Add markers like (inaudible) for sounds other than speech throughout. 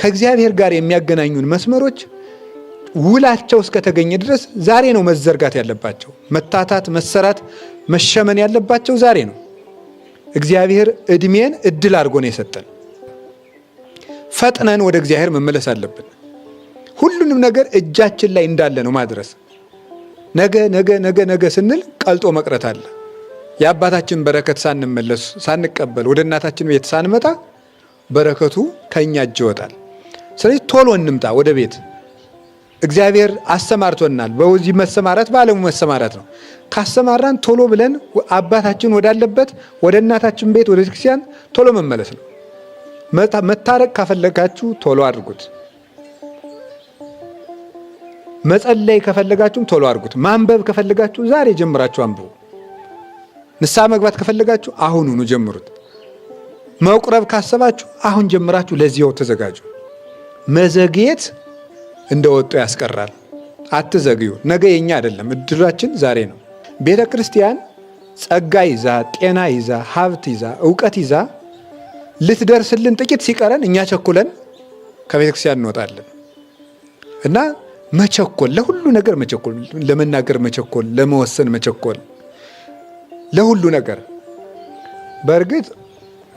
ከእግዚአብሔር ጋር የሚያገናኙን መስመሮች ውላቸው እስከተገኘ ድረስ ዛሬ ነው መዘርጋት ያለባቸው። መታታት፣ መሰራት፣ መሸመን ያለባቸው ዛሬ ነው። እግዚአብሔር እድሜን እድል አድርጎ ነው የሰጠን። ፈጥነን ወደ እግዚአብሔር መመለስ አለብን። ሁሉንም ነገር እጃችን ላይ እንዳለ ነው ማድረስ። ነገ ነገ ነገ ነገ ስንል ቀልጦ መቅረት አለ። የአባታችን በረከት ሳንመለስ ሳንቀበል ወደ እናታችን ቤት ሳንመጣ በረከቱ ከእኛ እጅ ይወጣል። ስለዚህ ቶሎ እንምጣ ወደ ቤት። እግዚአብሔር አሰማርቶናል። በዚህ መሰማራት በዓለሙ መሰማራት ነው። ካሰማራን ቶሎ ብለን አባታችን ወዳለበት ወደ እናታችን ቤት ወደ ክርስቲያን ቶሎ መመለስ ነው። መታረቅ ካፈለጋችሁ ቶሎ አድርጉት። መጸለይ ከፈለጋችሁም ቶሎ አድርጉት። ማንበብ ከፈለጋችሁ ዛሬ ጀምራችሁ አንብቡ። ንስሐ መግባት ከፈለጋችሁ አሁኑኑ ጀምሩት። መቁረብ ካሰባችሁ አሁን ጀምራችሁ ለዚያው ተዘጋጁ። መዘግየት እንደወጡ ያስቀራል። አትዘግዩ። ነገ የኛ አይደለም፣ እድላችን ዛሬ ነው። ቤተ ክርስቲያን ጸጋ ይዛ፣ ጤና ይዛ፣ ሀብት ይዛ፣ እውቀት ይዛ ልትደርስልን ጥቂት ሲቀረን እኛ ቸኩለን ከቤተ ክርስቲያን እንወጣለን እና መቸኮል፣ ለሁሉ ነገር መቸኮል፣ ለመናገር መቸኮል፣ ለመወሰን መቸኮል፣ ለሁሉ ነገር በእርግጥ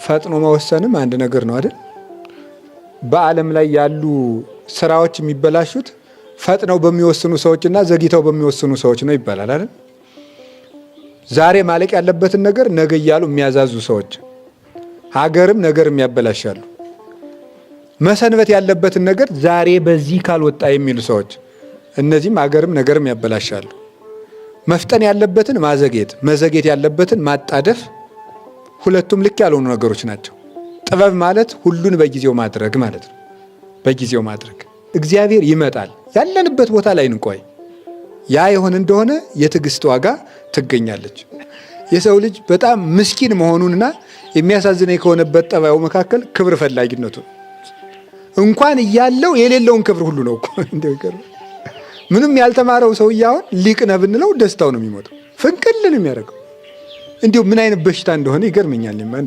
ፈጥኖ መወሰንም አንድ ነገር ነው አይደል? በዓለም ላይ ያሉ ስራዎች የሚበላሹት ፈጥነው በሚወስኑ ሰዎችና ዘግይተው በሚወስኑ ሰዎች ነው ይባላል አይደል? ዛሬ ማለቅ ያለበትን ነገር ነገ እያሉ የሚያዛዙ ሰዎች ሀገርም ነገርም ያበላሻሉ። መሰንበት ያለበትን ነገር ዛሬ በዚህ ካልወጣ የሚሉ ሰዎች እነዚህም ሀገርም ነገርም ያበላሻሉ። መፍጠን ያለበትን ማዘግየት፣ መዘግየት ያለበትን ማጣደፍ፣ ሁለቱም ልክ ያልሆኑ ነገሮች ናቸው። ጥበብ ማለት ሁሉን በጊዜው ማድረግ ማለት ነው። በጊዜው ማድረግ እግዚአብሔር ይመጣል። ያለንበት ቦታ ላይ እንቆይ። ያ የሆን እንደሆነ የትዕግስት ዋጋ ትገኛለች። የሰው ልጅ በጣም ምስኪን መሆኑንና የሚያሳዝነኝ ከሆነበት ጠባዩ መካከል ክብር ፈላጊነቱ እንኳን እያለው የሌለውን ክብር ሁሉ ነው እኮ (laughs) ምንም ያልተማረው ሰው እያሁን ሊቅ ነህ ብንለው ደስታው ነው የሚሞተው። ፍንቅልን የሚያደርገው እንዲሁ ምን አይነት በሽታ እንደሆነ ይገርመኛል። ማ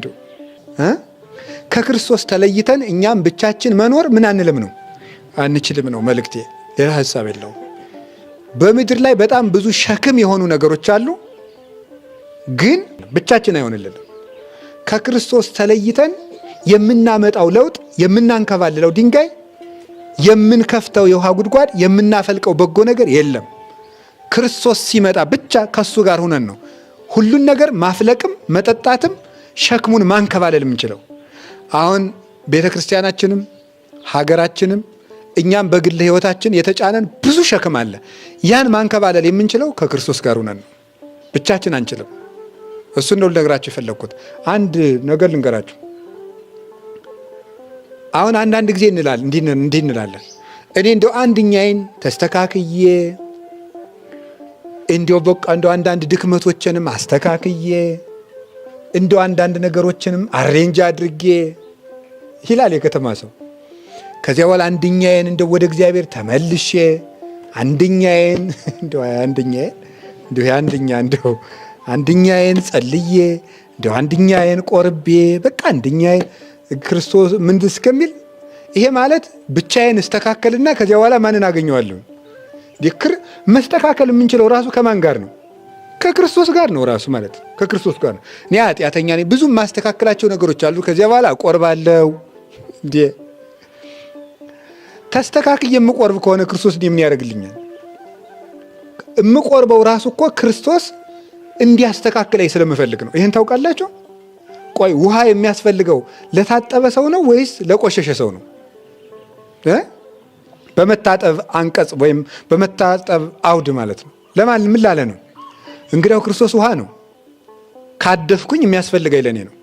ከክርስቶስ ተለይተን እኛም ብቻችን መኖር ምን አንልም ነው አንችልም ነው መልእክቴ። ሌላ ሀሳብ የለውም። በምድር ላይ በጣም ብዙ ሸክም የሆኑ ነገሮች አሉ፣ ግን ብቻችን አይሆንልንም። ከክርስቶስ ተለይተን የምናመጣው ለውጥ፣ የምናንከባልለው ድንጋይ፣ የምንከፍተው የውሃ ጉድጓድ፣ የምናፈልቀው በጎ ነገር የለም። ክርስቶስ ሲመጣ ብቻ ከሱ ጋር ሁነን ነው ሁሉን ነገር ማፍለቅም መጠጣትም ሸክሙን ማንከባለል የምንችለው። አሁን ቤተ ክርስቲያናችንም ሀገራችንም እኛም በግል ህይወታችን የተጫነን ብዙ ሸክም አለ። ያን ማንከባለል የምንችለው ከክርስቶስ ጋር ሆነን ነው። ብቻችን አንችልም። እሱ እንደው ልነግራችሁ የፈለግኩት አንድ ነገር ልንገራችሁ። አሁን አንዳንድ ጊዜ እንላል እንዲህ እንላለን፣ እኔ እንደው አንድኛይን ተስተካክዬ እንዲው በቃ እንደው አንዳንድ ድክመቶችንም አስተካክዬ እንደው አንዳንድ ነገሮችንም አሬንጅ አድርጌ ይላል የከተማ ሰው። ከዚያ በኋላ አንድኛዬን እንደው ወደ እግዚአብሔር ተመልሼ አንድኛዬን (laughs) እንደው አንድኛዬን እንደው አንድኛ እንደው አንድኛዬን ጸልዬ እንደው አንድኛዬን ቆርቤ በቃ አንድኛዬን ክርስቶስ ምንድን እስከሚል ይሄ ማለት ብቻዬን እስተካከልና ከዚያ በኋላ ማንን አገኘዋለሁ? ክር መስተካከል የምንችለው ራሱ ከማን ጋር ነው? ከክርስቶስ ጋር ነው ራሱ ማለት ከክርስቶስ ጋር ነው። እኔ ኃጢአተኛ ነኝ፣ ብዙ የማስተካከላቸው ነገሮች አሉ። ከዚያ በኋላ ቆርባለው እንዴ ተስተካክዬ የምቆርብ ከሆነ ክርስቶስ ምን ያደርግልኛል? የምቆርበው ራሱ እኮ ክርስቶስ እንዲያስተካክለኝ ስለምፈልግ ነው። ይህን ታውቃላችሁ? ቆይ ውሃ የሚያስፈልገው ለታጠበ ሰው ነው ወይስ ለቆሸሸ ሰው ነው? በመታጠብ አንቀጽ ወይም በመታጠብ አውድ ማለት ነው። ለማን ምን ላለ ነው እንግዲያው ክርስቶስ ውሃ ነው። ካደፍኩኝ የሚያስፈልገኝ ለእኔ ነው።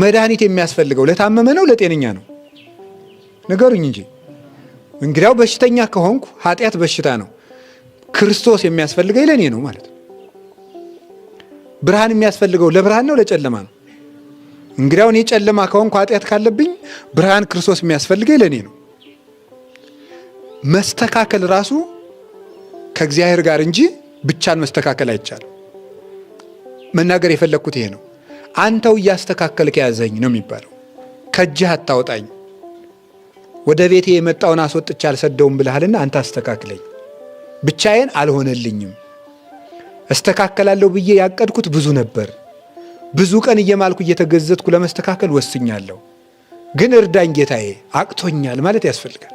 መድኃኒት የሚያስፈልገው ለታመመ ነው፣ ለጤነኛ ነው። ንገሩኝ እንጂ እንግዲያው በሽተኛ ከሆንኩ ኃጢአት በሽታ ነው፣ ክርስቶስ የሚያስፈልገኝ ለእኔ ነው ማለት ነው። ብርሃን የሚያስፈልገው ለብርሃን ነው፣ ለጨለማ ነው። እንግዲያው እኔ ጨለማ ከሆንኩ ኃጢአት ካለብኝ ብርሃን ክርስቶስ የሚያስፈልገኝ ለእኔ ነው። መስተካከል ራሱ ከእግዚአብሔር ጋር እንጂ ብቻን መስተካከል አይቻልም። መናገር የፈለግኩት ይሄ ነው። አንተው እያስተካከልክ ያዘኝ ነው የሚባለው። ከእጅህ አታወጣኝ። ወደ ቤቴ የመጣውን አስወጥቼ አልሰደውም ብልሃልና አንተ አስተካክለኝ። ብቻዬን አልሆነልኝም። እስተካከላለሁ ብዬ ያቀድኩት ብዙ ነበር። ብዙ ቀን እየማልኩ እየተገዘትኩ ለመስተካከል ወስኛለሁ። ግን እርዳኝ ጌታዬ፣ አቅቶኛል ማለት ያስፈልጋል።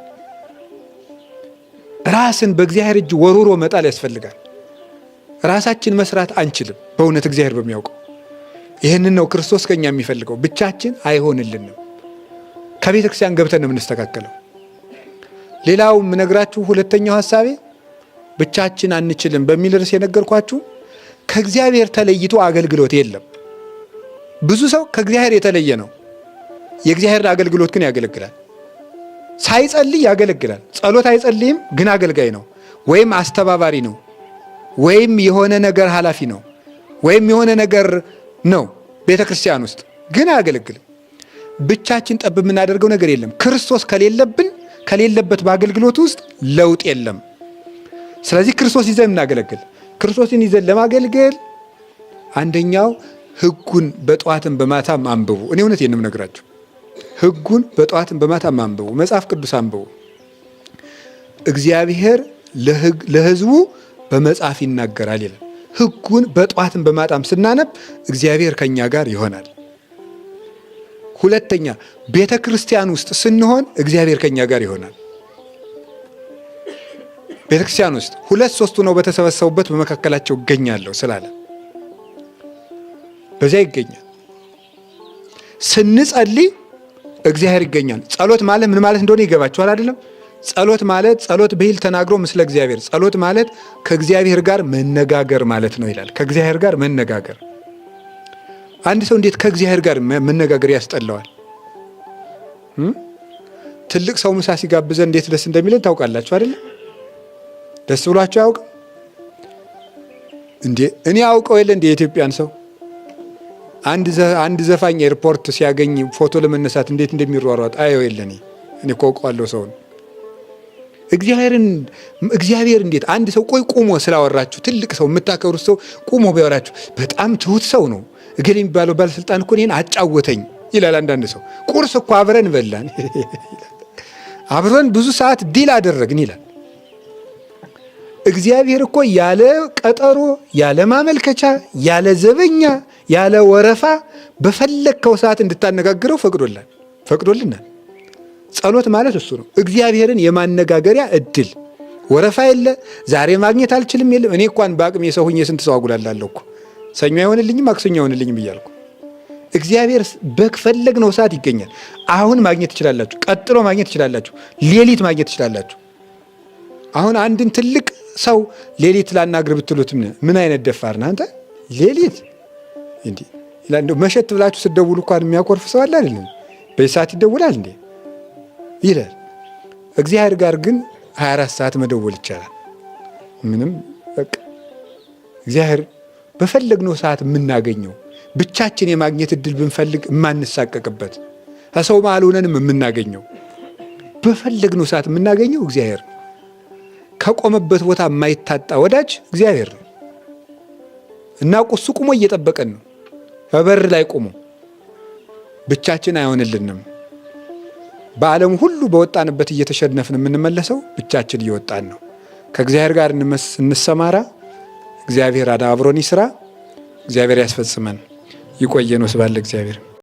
ራስን በእግዚአብሔር እጅ ወሩሮ መጣል ያስፈልጋል። ራሳችን መስራት አንችልም። በእውነት እግዚአብሔር በሚያውቀው ይህንን ነው ክርስቶስ ከኛ የሚፈልገው። ብቻችን አይሆንልንም። ከቤተ ክርስቲያን ገብተን ነው የምንስተካከለው። ሌላው የምነግራችሁ ሁለተኛው ሀሳቤ ብቻችን አንችልም በሚል ርዕስ የነገርኳችሁ ከእግዚአብሔር ተለይቶ አገልግሎት የለም። ብዙ ሰው ከእግዚአብሔር የተለየ ነው። የእግዚአብሔርን አገልግሎት ግን ያገለግላል። ሳይጸልይ ያገለግላል። ጸሎት አይጸልይም፣ ግን አገልጋይ ነው ወይም አስተባባሪ ነው። ወይም የሆነ ነገር ኃላፊ ነው ወይም የሆነ ነገር ነው ቤተ ክርስቲያን ውስጥ ግን አያገለግልም። ብቻችን ጠብ የምናደርገው ነገር የለም። ክርስቶስ ከሌለብን ከሌለበት በአገልግሎት ውስጥ ለውጥ የለም። ስለዚህ ክርስቶስ ይዘን እናገለግል። ክርስቶስን ይዘን ለማገልገል አንደኛው ሕጉን በጠዋትን በማታም አንብቡ። እኔ እውነት ነው ነግራችሁ ሕጉን በጠዋትን በማታም አንብቡ። መጽሐፍ ቅዱስ አንብቡ። እግዚአብሔር ለሕዝቡ በመጽሐፍ ይናገራል ይላል። ህጉን በጧትም በማጣም ስናነብ እግዚአብሔር ከኛ ጋር ይሆናል። ሁለተኛ ቤተ ክርስቲያን ውስጥ ስንሆን እግዚአብሔር ከኛ ጋር ይሆናል። ቤተ ክርስቲያን ውስጥ ሁለት ሶስቱ ነው በተሰበሰቡበት በመካከላቸው እገኛለሁ ስላለ በዚያ ይገኛል። ስንጸልይ እግዚአብሔር ይገኛል። ጸሎት ማለት ምን ማለት እንደሆነ ይገባችኋል አይደለም? ጸሎት ማለት ጸሎት ብሂል ተናግሮ ምስለ እግዚአብሔር፣ ጸሎት ማለት ከእግዚአብሔር ጋር መነጋገር ማለት ነው ይላል። ከእግዚአብሔር ጋር መነጋገር። አንድ ሰው እንዴት ከእግዚአብሔር ጋር መነጋገር ያስጠላዋል? ትልቅ ሰው ምሳ ሲጋብዘ እንዴት ደስ እንደሚለን ታውቃላችሁ አይደለ? ደስ ብሏቸው አያውቅም እንዴ? እኔ አውቀው የለ እንዴ የኢትዮጵያን ሰው አንድ ዘፋኝ ኤርፖርት ሲያገኝ ፎቶ ለመነሳት እንዴት እንደሚሯሯጥ አየው የለ እኔ እኮ አውቀዋለሁ ሰውን እግዚአብሔርን እግዚአብሔር እንዴት አንድ ሰው ቆይ ቁሞ ስላወራችሁ ትልቅ ሰው የምታከብሩት ሰው ቁሞ ቢያወራችሁ በጣም ትሁት ሰው ነው እገሌ የሚባለው ባለስልጣን እኮ እኔን አጫወተኝ ይላል። አንዳንድ ሰው ቁርስ እኮ አብረን በላን፣ (laughs) አብረን ብዙ ሰዓት ዲል አደረግን ይላል። እግዚአብሔር እኮ ያለ ቀጠሮ፣ ያለ ማመልከቻ፣ ያለ ዘበኛ፣ ያለ ወረፋ በፈለግከው ሰዓት እንድታነጋግረው ፈቅዶላል ፈቅዶልናል። ጸሎት ማለት እሱ ነው። እግዚአብሔርን የማነጋገሪያ እድል ወረፋ የለ ዛሬ ማግኘት አልችልም የለም። እኔ እንኳን በአቅሜ ሰው ሁኜ ስንት ሰው አጉላላለሁ እኮ ሰኞ አይሆንልኝም ማክሰኞ አይሆንልኝም እያልኩ እግዚአብሔር በፈለግነው ሰዓት ይገኛል። አሁን ማግኘት ትችላላችሁ፣ ቀጥሎ ማግኘት ትችላላችሁ፣ ሌሊት ማግኘት ትችላላችሁ። አሁን አንድን ትልቅ ሰው ሌሊት ላናግር ብትሉት ምን አይነት ደፋር ነህ አንተ ሌሊት እንዲህ መሸት ብላችሁ ስደውሉ እንኳን የሚያኮርፍ ሰው አለ አይደለም? በዚህ ሰዓት ይደውላል እንዴ? ይላል። እግዚአብሔር ጋር ግን 24 ሰዓት መደወል ይቻላል። ምንም በቃ እግዚአብሔር በፈለግነው ሰዓት የምናገኘው ብቻችን የማግኘት እድል ብንፈልግ የማንሳቀቅበት ከሰው መሃል ሆነንም የምናገኘው በፈለግነው ሰዓት የምናገኘው እግዚአብሔር ከቆመበት ቦታ የማይታጣ ወዳጅ እግዚአብሔር ነው እና ቁሱ ቁሞ እየጠበቀን ነው። በበር ላይ ቁሞ ብቻችን አይሆንልንም። በዓለም ሁሉ በወጣንበት እየተሸነፍን የምንመለሰው ብቻችን እየወጣን ነው። ከእግዚአብሔር ጋር እንሰማራ። እግዚአብሔር አብሮን ይስራ። እግዚአብሔር ያስፈጽመን። ይቆየን። ወስብሐት ለእግዚአብሔር።